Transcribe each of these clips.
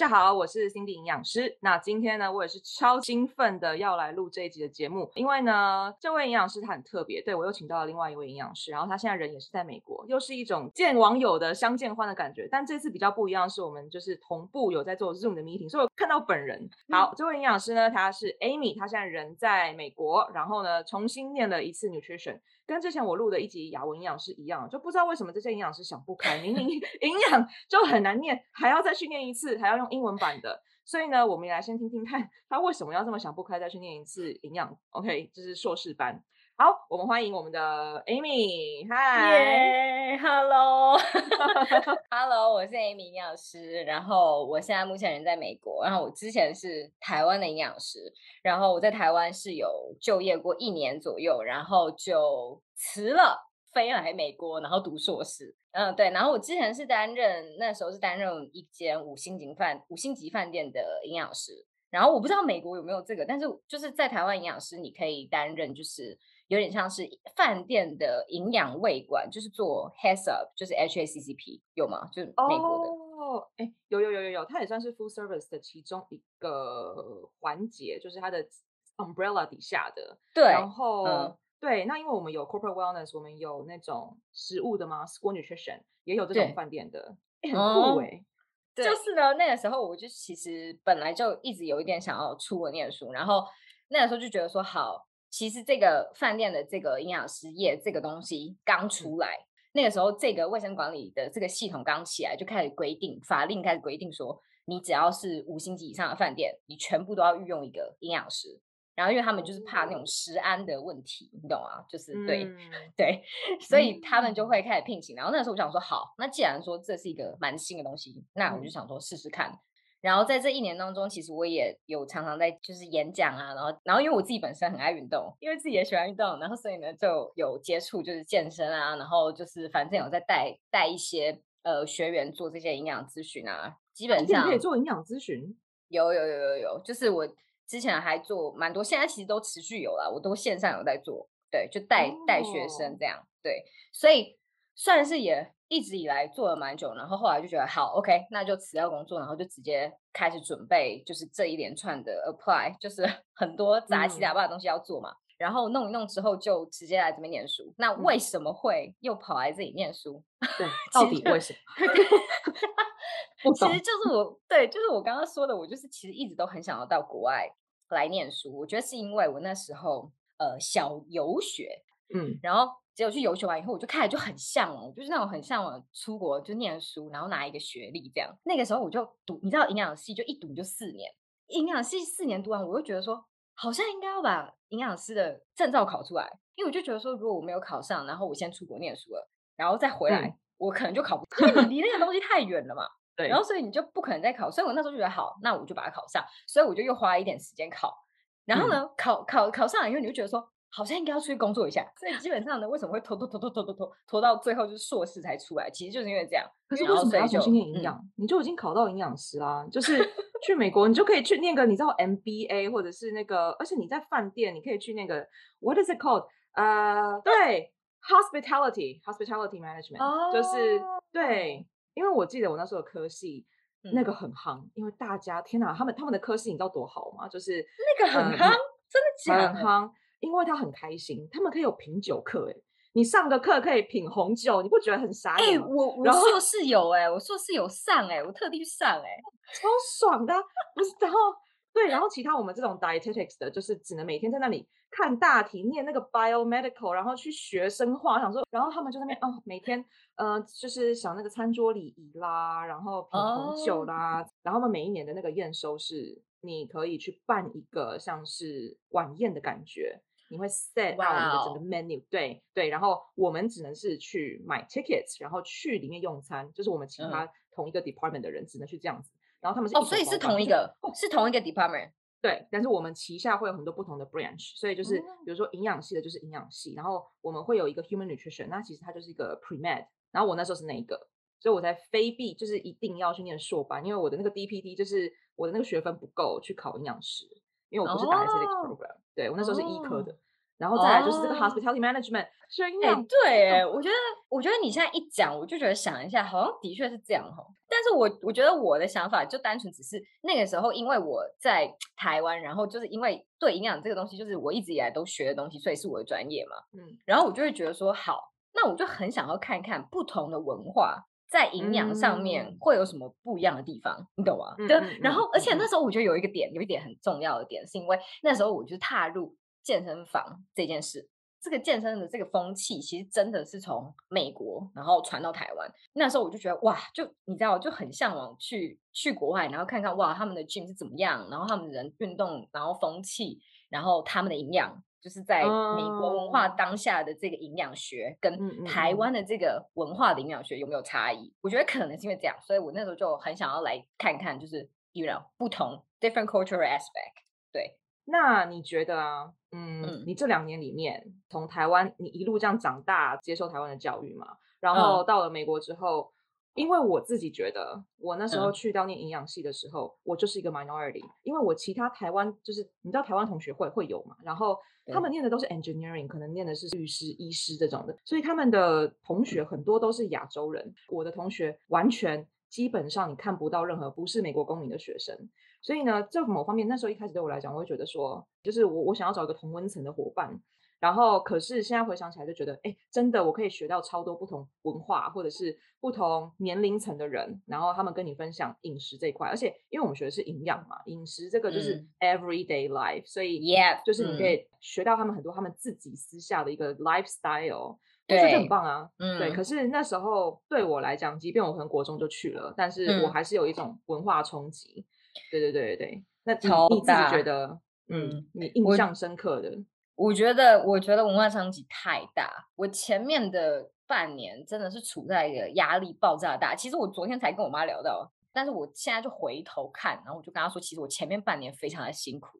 大家好，我是 Cindy 營養師。那今天呢，我也是超興奮的要來錄這一集的節目，因為呢，這位營養師他很特別，對我又請到了另外一位營養師，然後他現在人也是在美國，又是一種見網友的相見歡的感覺。但這次比較不一樣是，我們就是同步有在做 Zoom 的 meeting，所以我看到本人。好、嗯，這位營養師呢，他是 Amy，他現在人在美國，然後呢，重新念了一次 nutrition。跟之前我錄的一集牙文營養師一樣，就不知道為什麼這些營養師想不開，明明營養就很難念，還要再去念一次，還要用英文版的。所以呢，我們也來先聽聽看他為什麼要這麼想不開，再去念一次營養。OK，這是碩士班。好，我們歡迎我們的 Amy，Hi，Hello，Hello，Yeah， 我是 Amy 營養師。然後我現在目前人在美國。然後我之前是台灣的營養師。然後我在台灣是有就業過一年左右，然後就辭了，飛來美國，然後讀碩士。嗯，對。然後我之前是擔任，那時候是擔任一間五星級飯五星級飯店的營養師。然後我不知道美國有沒有這個，但是就是在台灣營養師你可以擔任就是。有點像是飯店的營養衛管，就是做 h a s s up，就是 HACCP 有嗎？就是美國的，哎、oh, 欸，有有有有有，它也算是 full service 的其中一個環節，就是它的 umbrella 底下的。對，然後、嗯、對，那因為我們有 corporate wellness，我們有那種食物的嗎？school nutrition 也有這種飯店的，很酷哎、欸嗯。就是呢，那個時候我就其實本來就一直有一點想要出國念書，然後那個時候就覺得說好。其實這個飯店的這個營養師業這個東西剛出來，嗯、那個時候這個衛生管理的這個系統剛起來，就開始規定，法令開始規定說，你只要是五星級以上的飯店，你全部都要御用一個營養師。然後因為他們就是怕那種食安的問題，嗯、你懂啊？就是對對，所以他們就會開始聘請。然後那時候我想說，好，那既然說這是一個蠻新的東西，那我就想說試試看。嗯。然後在這一年當中，其實我也有常常在就是演講啊，然後，然後因為我自己本身很愛運動，因為自己也喜歡運動，然後所以呢就有接觸就是健身啊，然後就是反正有在帶帶一些呃學員做這些營養諮詢啊，基本上，你也做營養諮詢？有有有有有，就是我之前還做蠻多，現在其實都持續有了，我都線上有在做，對，就帶、Oh. 帶學生這樣，對，所以算是也。一直以來做了蠻久，然後後來就覺得好，OK，那就辭掉工作，然後就直接開始準備，就是這一連串的 apply，就是很多雜七雜八的東西要做嘛。嗯。然後弄一弄之後，就直接來這邊念書。嗯。那為什麼會又跑來這裡念書？對，到底為什麼？ 不懂 其實就是我對，就是我剛剛說的，我就是其實一直都很想要到國外來念書。我覺得是因為我那時候呃小游學，嗯，然後。結果去遊學完以後，我就開始就很向往、喔，就是那種很向往、喔、出國就念書，然後拿一個學歷這樣。那個時候我就讀，你知道營養系就一讀就四年，營養系四年讀完，我就覺得說好像應該要把營養師的證照考出來，因為我就覺得說，如果我沒有考上，然後我先出國念書了，然後再回來，嗯、我可能就考不，因為離那個東西太遠了嘛。 對。然後所以你就不可能再考，所以我那時候就覺得好，那我就把它考上，所以我就又花一點時間考。然後呢，嗯、考考考上了以後，你就覺得說。好像應該要出去工作一下，所以基本上呢，為什麼會拖拖拖拖拖拖拖拖到最後就是碩士才出來，其實就是因為這樣。可是為什麼要去念營養、嗯？你就已經考到營養師啦，就是去美國， 你就可以去念個你知道 MBA 或者是那個，而且你在飯店，你可以去那個 What is it called？啊、uh，對，Hospitality Hospitality Management，哦、就是對，因為我記得我那時候的科系、嗯、那個很夯，因為大家天哪，他們他們的科系你知道多好嗎？就是那個很夯，嗯、真的假的？因為他很開心，他們可以有品酒課哎，你上個課可以品紅酒，你不覺得很傻？眼、欸？我然後我碩士有哎、欸，我碩士有上哎、欸，我特地去上哎、欸，超爽的、啊。 不是，然後對，然後其他我們這種 dietetics 的，就是只能每天在那裡看大體，念那個 biomedical，然後去學生化，想說，然後他們就在那邊哦，每天嗯、呃，就是想那個餐桌禮儀啦，然後品紅酒啦，oh. 然後他們每一年的那個驗收是，你可以去辦一個像是晚宴的感覺。你會 set out 你的整個 menu，對對，然後我們只能是去買 tickets，然後去裡面用餐，就是我們其他同一個 department 的人只能去這樣子，然後他們是哦。所以是同一個，是同一個 department，對，但是我們旗下會有很多不同的 branch，所以就是比如說，營養系的，就是營養系，然後我們會有一個 human nutrition，那其實它就是一個 pre-med，然後我那時候是那一個，所以我才非必就是一定要去念碩班，因為我的那個 D P D 就是我的那個學分不夠去考營養師。因為我不是打這 d program，、oh, 對，我那時候是醫科的，oh. 然後再來就是這個 hospitality management，哎、oh. 欸，對我覺得，我覺得你現在一講，我就覺得想一下，好像的確是這樣哈。但是我我覺得我的想法就單純只是那個時候，因為我在台灣，然後就是因為對營養這個東西，就是我一直以來都學的東西，所以是我的專業嘛。嗯，然後我就會覺得說，好，那我就很想要看一看不同的文化。在營養上面會有什麼不一樣的地方？嗯、你懂嗎、啊，嗯？對、嗯。然後，而且那時候我覺得有一個點，有一點很重要的點，是因為那時候我就踏入健身房這件事，這個健身的這個風氣其實真的是從美國然後傳到台灣。那時候我就覺得哇，就你知道，就很向往去去國外，然後看看哇他們的 gym 是怎麼樣，然後他們的人運動，然後風氣。然後他們的營養就是在美國文化當下的這個營養學，跟台灣的這個文化的營養學有沒有差異？嗯嗯嗯。我覺得可能是因為這樣，所以我那時候就很想要來看看，就是 you know 不同 different cultural aspect。對，那你覺得啊，嗯，嗯，你這兩年裡面從台灣你一路這樣長大，接受台灣的教育嘛，然後到了美國之後。嗯因為我自己覺得，我那時候去到念營養系的時候，嗯、我就是一個 minority。因為我其他台灣就是你知道台灣同學會會有嘛，然後他們念的都是 engineering，可能念的是律師、醫師這種的，所以他們的同學很多都是亞洲人。我的同學完全基本上你看不到任何不是美國公民的學生，所以呢，在某方面那時候一開始對我來講，我會覺得說，就是我我想要找一個同溫層的夥伴。然後，可是現在回想起來就覺得，哎，真的，我可以學到超多不同文化，或者是不同年齡層的人，然後他們跟你分享飲食這一塊。而且，因為我們學的是營養嘛，飲食這個就是 everyday life，、嗯、所以就是你可以學到他們很多他們自己私下的一個 lifestyle，對、嗯，這很棒啊。嗯，對。可是那時候對我來講，即便我可能國中就去了，但是我還是有一種文化衝擊。嗯、對對對對，那你，頭你自己覺得，嗯，你印象深刻的？嗯我覺得，我覺得文化衝擊太大。我前面的半年真的是處在一個壓力爆炸大。其實我昨天才跟我媽聊到，但是我現在就回頭看，然後我就跟她說，其實我前面半年非常的辛苦。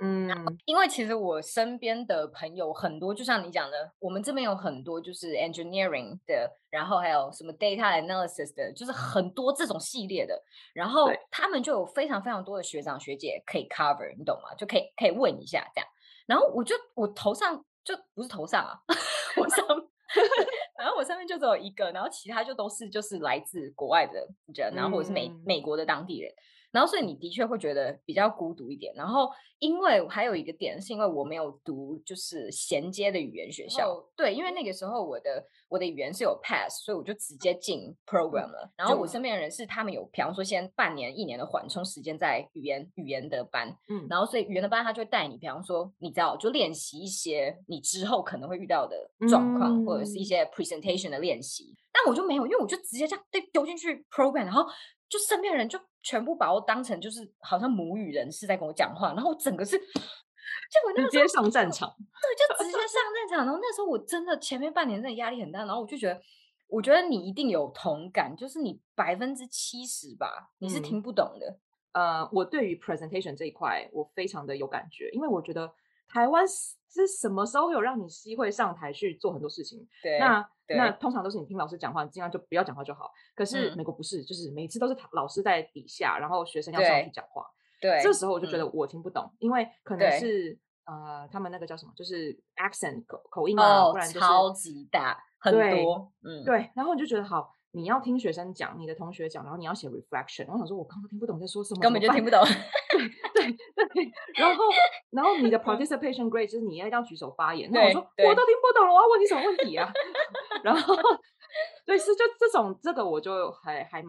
嗯，因為其實我身邊的朋友很多，就像你講的，我們這邊有很多就是 engineering 的，然後還有什麼 data analysis 的，就是很多這種系列的。然後他們就有非常非常多的學長學姐可以 cover，你懂嗎？就可以可以問一下這樣。然後我就我頭上就不是頭上啊， 我上， 然後我上面就只有一個，然後其他就都是就是來自國外的人，嗯，然後或者是美美國的當地人。然後所以你的確會覺得比較孤獨一點。然後因為還有一個點是因為我沒有讀就是銜接的語言學校，對，因為那個時候我的我的語言是有 pass，所以我就直接進 program 了。嗯、然後我身邊的人是他們有比方說先半年一年的緩衝時間，在語言語言的班、嗯，然後所以語言的班他就會帶你比方說，你知道就練習一些你之後可能會遇到的狀況、嗯、或者是一些 presentation 的練習。但我就沒有，因為我就直接這樣被丟進去 program，然後就身邊的人就。全部把我當成就是好像母語人士在跟我講話，然後我整個是，像我那時候直接上戰場，對，就直接上戰場。 然後那時候我真的前面半年真的壓力很大，然後我就覺得，我覺得你一定有同感，就是你百分之七十吧，你是聽不懂的。嗯、呃，我對於 presentation 這一塊，我非常的有感覺，因為我覺得。台灣是什麼時候有讓你機會上台去做很多事情？對，那對，那通常都是你聽老師講話，盡量就不要講話就好。可是美國不是、嗯，就是每次都是老師在底下，然後學生要上去講話，對。對，這時候我就覺得我聽不懂，嗯、因為可能是呃，他們那個叫什麼，就是 accent 口，口音啊、哦，不然就是超級大很多。嗯，對。然後你就覺得好，你要聽學生講，你的同學講，然後你要寫 reflection。我想說，我剛剛聽不懂在說什麼，根本就聽不懂。 對。 然後，然後你的 participation grade 就是你要要舉手發言。那我說，我都聽不懂，我要問你什麼問題啊？ 然後。 對，是就這種，這個我就還還蠻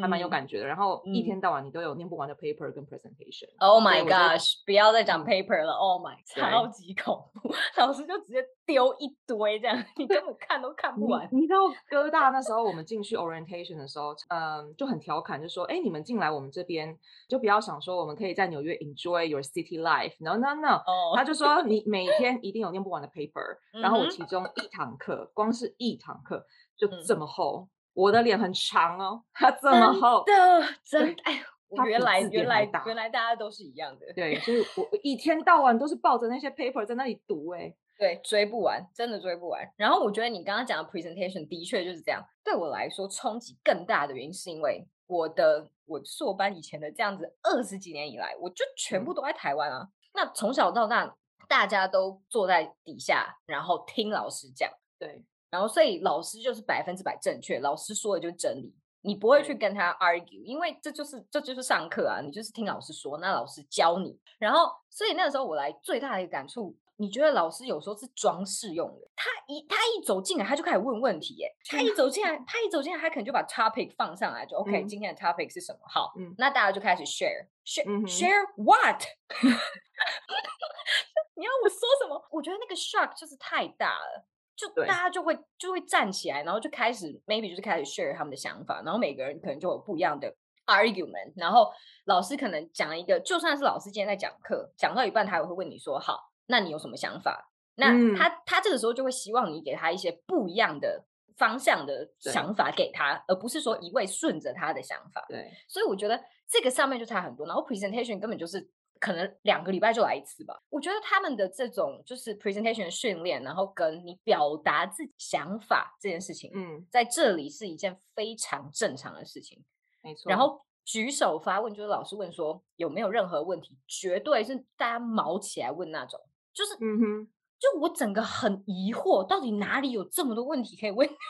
還蠻有感覺的、嗯。然後一天到晚你都有念不完的 paper 跟 presentation。Oh my gosh！不要再講 paper 了。嗯、oh my God, 超級恐怖。老師就直接丟一堆這樣，你根本看都看不完。 你知道哥大那時候我們進去 orientation 的時候，嗯，就很調侃，就說：“哎，你們進來我們這邊就不要想說我們可以在紐約 enjoy your city life。” No no no！、Oh. 他就說你每天一定有念不完的 paper。 然後我其中一堂課，光是一堂課。就這麼厚、嗯，我的臉很長哦，它這麼厚，真的，對真哎，原來原來原來大家都是一樣的，對，就是我 一天到晚都是抱着那些 paper 在那裡讀、欸，哎，對，追不完，真的追不完。然後我覺得你剛剛講的 presentation 的確就是這樣，對我來說衝擊更大的原因是因為我的我碩班以前的這樣子二十幾年以來，我就全部都在台灣啊，嗯、那從小到大大家都坐在底下，然後聽老師講，對。然後，所以老師就是百分之百正確，老師說的就是真理，你不會去跟他 argue、嗯、因為這就是這就是上課啊，你就是聽老師說，那老師教你。然後，所以那個時候我來最大的一個感觸，你覺得老師有時候是裝飾用的？他一他一走進來，他就開始問問題耶，哎、嗯，他一走進來，他一走進來，他可能就把 topic 放上來，就、嗯、OK，今天的 topic 是什麼？好，嗯、那大家就開始 share、嗯、share share what？、嗯、 你要我說什麼？我覺得那個 shock 就是太大了。就大家就會就會站起來，然後就開始 maybe 就是開始 share 他們的想法，然後每個人可能就有不一樣的 argument，然後老師可能講了一個，就算是老師今天在講課，講到一半他也會問你說，好，那你有什麼想法？那他、嗯、他這個時候就會希望你給他一些不一樣的方向的想法給他，而不是說一味順着他的想法。對，所以我覺得這個上面就差很多，然後 presentation 根本就是。可能兩個禮拜就來一次吧。我覺得他們的這種就是 presentation 訓練，然後跟你表達自己想法這件事情，嗯，在這裡是一件非常正常的事情，沒錯。然後舉手發問，就是老師問說有沒有任何問題，絕對是大家毛起來問那種，就是，嗯哼，就我整個很疑惑，到底哪裡有這麼多問題可以問？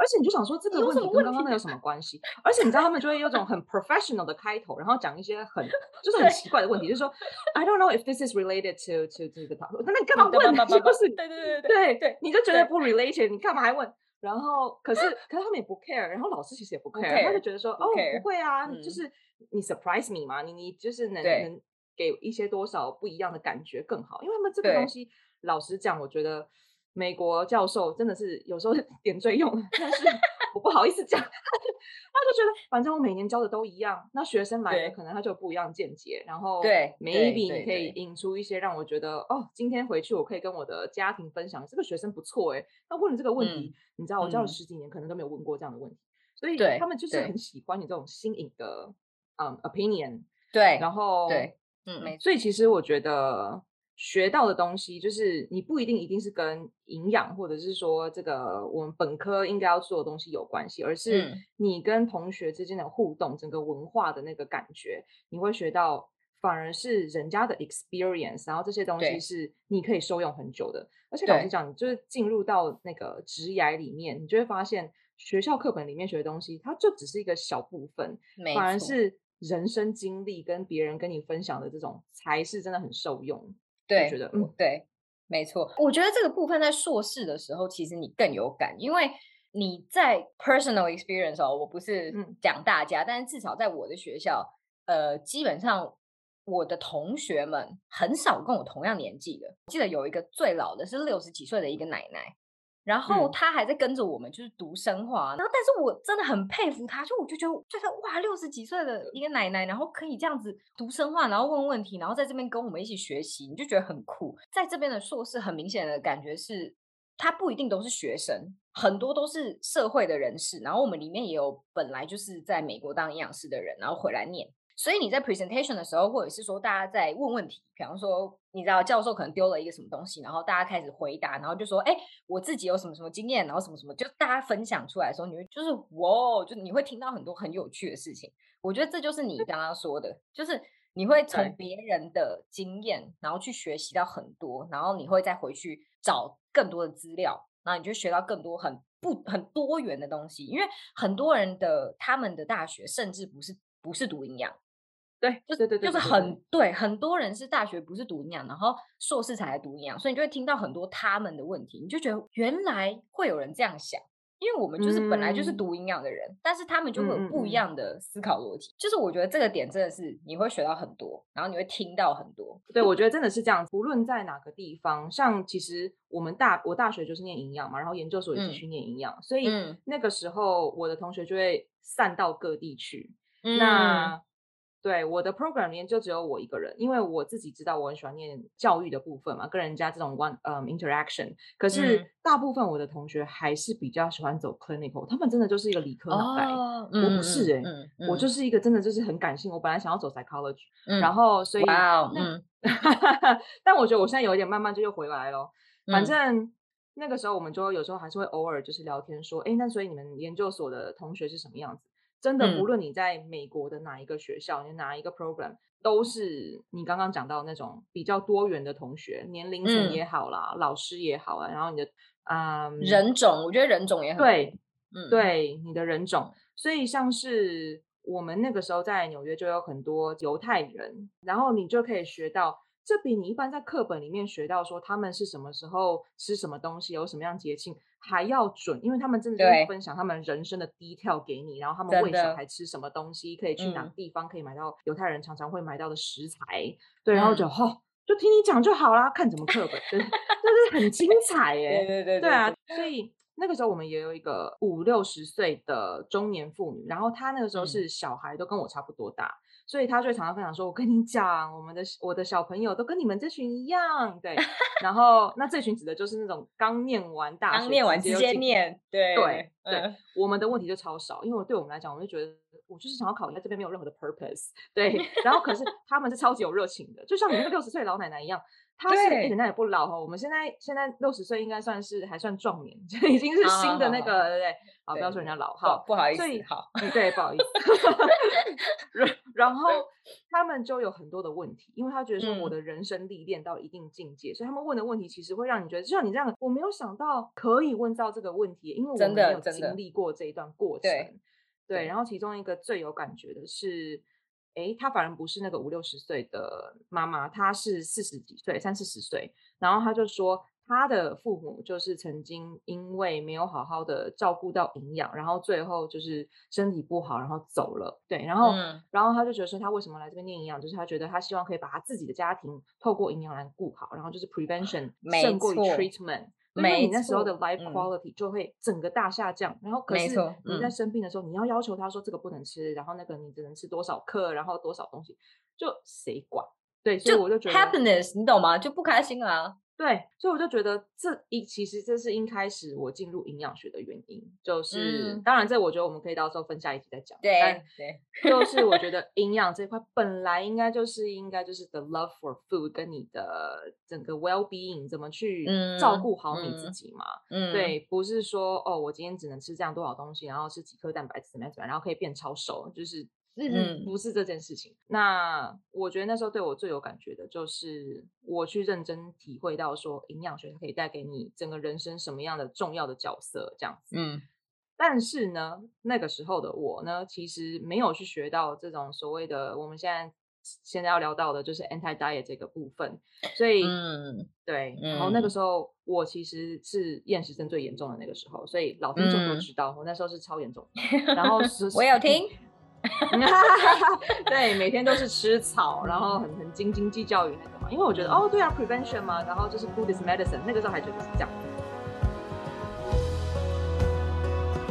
而且你就想說這個問題跟剛剛那有什麼關係？ 而且你知道他們就會有種很 professional 的開頭，然後講一些很就是很奇怪的問題， 就是說 I don't know if this is related to to to the topic 那你幹嘛問？是不是對對對對對對，你就覺得不 related，你幹嘛還問？然後可是可是他們也不 care，然後老師其實也不 care，, care 他就覺得說不 care, 哦不會啊，嗯、就是你 surprise me 嘛，你你就是能能給一些多少不一樣的感覺更好，因為他們這個東西老實講，我覺得。美國教授真的是有時候點綴用，但是 我不好意思講，他就覺得反正我每年教的都一樣，那學生來的可能他就不一樣見解，然後對，maybe 你可以引出一些讓我覺得哦，今天回去我可以跟我的家庭分享，這個學生不錯哎，他問了這個問題，嗯、你知道我教了十幾年可能都沒有問過這樣的問題，所以他們就是很喜歡你這種新穎的嗯、um, opinion，對，然後對，對嗯，嗯，所以其實我覺得。學到的東西就是你不一定一定是跟營養或者是說這個我們本科應該要做的東西有關係，而是你跟同學之間的互動，嗯，整個文化的那個感覺，你會學到反而是人家的 experience，然後這些東西是你可以受用很久的。而且老實講，你就是進入到那個職涯裡面，你就會發現學校課本裡面學的東西，它就只是一個小部分，反而是人生經歷跟別人跟你分享的這種才是真的很受用。對，對，嗯，對，沒錯。我覺得這個部分在碩士的時候，其實你更有感，因為你在 personal experience 哦，我不是講大家，嗯，但是至少在我的學校，呃，基本上我的同學們很少跟我同樣年紀的。我記得有一個最老的是六十幾歲的一個奶奶。然後他還在跟着我們，嗯，就是讀生化。然後，但是我真的很佩服他，就我就覺得就是哇，六十幾歲的一個奶奶，然後可以這樣子讀生化，然後問問問題，然後在這邊跟我們一起學習，你就覺得很酷。在這邊的碩士，很明顯的感覺是，他不一定都是學生，很多都是社會的人士。然後我們裡面也有本來就是在美國當營養師的人，然後回來念。所以你在 presentation 的時候，或者是說大家在問問題，比方說你知道教授可能丟了一個什麼東西，然後大家開始回答，然後就說：“哎，我自己有什麼什麼經驗，然後什麼什麼。”就大家分享出來的時候，你會就是哇，就你會聽到很多很有趣的事情。我覺得這就是你剛剛說的，就是你會從別人的經驗，然後去學習到很多，然後你會再回去找更多的資料，然後你就學到更多很不很多元的東西。因為很多人的他們的大學甚至不是不是讀營養。對，就是對，對，就是很對，對，對。很多人是大學不是讀營養，然後碩士才來讀營養，所以你就會聽到很多他們的問題，你就覺得原來會有人這樣想，因為我們就是本來就是讀營養的人，嗯、但是他們就會有不一樣的思考邏輯，嗯。就是我覺得這個點真的是你會學到很多，然後你會聽到很多。嗯、對，我覺得真的是這樣子，無論在哪個地方，像其實我們大我大學就是念營養嘛，然後研究所也繼續念營養，嗯、所以那個時候我的同學就會散到各地去，嗯、那。對，我的 program 裡面就只有我一個人，因為我自己知道我很喜歡念教育的部分嘛，跟人家這種 one 嗯、um, interaction。可是大部分我的同學還是比較喜歡走 clinical，他們真的就是一個理科腦袋，oh, 我不是哎、欸，um, um, um, 我就是一個真的就是很感性。我本來想要走 psychology，、um, 然後所以嗯，wow, um, 但我覺得我現在有一點慢慢就又回來了。反正、um, 那個時候我們就有時候還是會偶爾就是聊天說，誒，那所以你們研究所的同學是什麼樣子？真的，不論你在美國的哪一個學校，你、嗯、哪一個 program，都是你剛剛講到那種比較多元的同學，年齡層也好啦，嗯、老師也好啦，然後你的，嗯、呃，人種，我覺得人種也很好對，嗯，對你的人種，所以像是我們那個時候在紐約就有很多猶太人，然後你就可以學到，這比你一般在課本裡面學到說他們是什麼時候吃什麼東西，有什麼樣節慶。還要準，因為他們真的就是分享他們人生的 detail 給你，然後他們餵小孩吃什麼東西，可以去哪個地方、嗯、可以買到猶太人常常會買到的食材，嗯、對，然後就吼、哦，就聽你講就好啦，看怎麼課本，真的 是很精彩哎， 對、對、對對對，對啊，所以那個時候我們也有一個五六十歲的中年婦女，然後她那個時候是小孩都跟我差不多大。嗯所以，他就常常分享說：“我跟你講，我們的我的小朋友都跟你們這群一樣，對。然後，那這群指的就是那種剛念完大學、剛念完之間念直接念，對對、嗯、對。我們的問題就超少，因為對我們來講，我就覺得我就是想要考在這邊沒有任何的 purpose，對。然後，可是 他們是超級有熱情的，就像你們六十歲的老奶奶一樣，他現在人家也不老哈。我們現在現在六十歲應該算是還算壯年，就已經是新的那個好好好對對，對好，不要說人家老哈、哦，不好意思好，對，不好意思。 ” 然後他們就有很多的問題，因為他覺得說，我的人生歷練到一定境界，嗯，所以他們問的問題其實會讓你覺得，就像你這樣，我沒有想到可以問到這個問題，因為我沒有經歷過這一段過程，對對對。對，然後其中一個最有感覺的是，誒，他反而不是那個五六十歲的媽媽，她是四十幾歲，三四十歲，然後他就說。他的父母就是曾經因為沒有好好的照顧到營養，然後最後就是身體不好，然後走了。對，然後，嗯、然後他就覺得說他為什麼來這邊念營養，就是他覺得他希望可以把他自己的家庭透過營養來顧好，然後就是 prevention 勝過於 treatment，因為你那時候的 life quality、嗯、就會整個大下降。然後，可是你在生病的時候、嗯，你要要求他說這個不能吃，然後那個你只能吃多少克，然後多少東西，就誰管？對，對所以我就覺得 happiness，你懂嗎？就不開心啊。對，所以我就覺得這一其實這是一開始我進入營養學的原因，就是、嗯、當然這我覺得我們可以到時候分下一期再講。對，就是我覺得營養這塊本來應該就是 應該就是 the love for food，跟你的整個 well being 怎麼去照顧好你自己嘛。嗯、對，不是說哦，我今天只能吃這樣多少東西，然後吃幾顆蛋白質，怎麼怎麼，然後可以變超瘦，就是。嗯，不是這件事情。那我覺得那時候對我最有感覺的就是，我去認真體會到說，營養學可以帶給你整個人生什麼樣的重要的角色，這樣子。嗯。但是呢，那個時候的我呢，其實沒有去學到這種所謂的我們現在現在要聊到的就是 anti diet 這個部分。所以，嗯，對。嗯、然後那個時候我其實是厭食症最嚴重的那個時候，所以老聽眾都知道、嗯，我那時候是超嚴重。然後是 我有聽。聽 對，每天都是吃草，然後很很斤斤計較於那個嘛，因為我覺得哦，對啊，prevention 嘛，然後就是 food is medicine，那個時候還覺得是這樣的。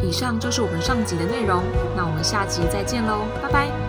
以上就是我們上集的內容，那我們下集再見嘍，拜拜。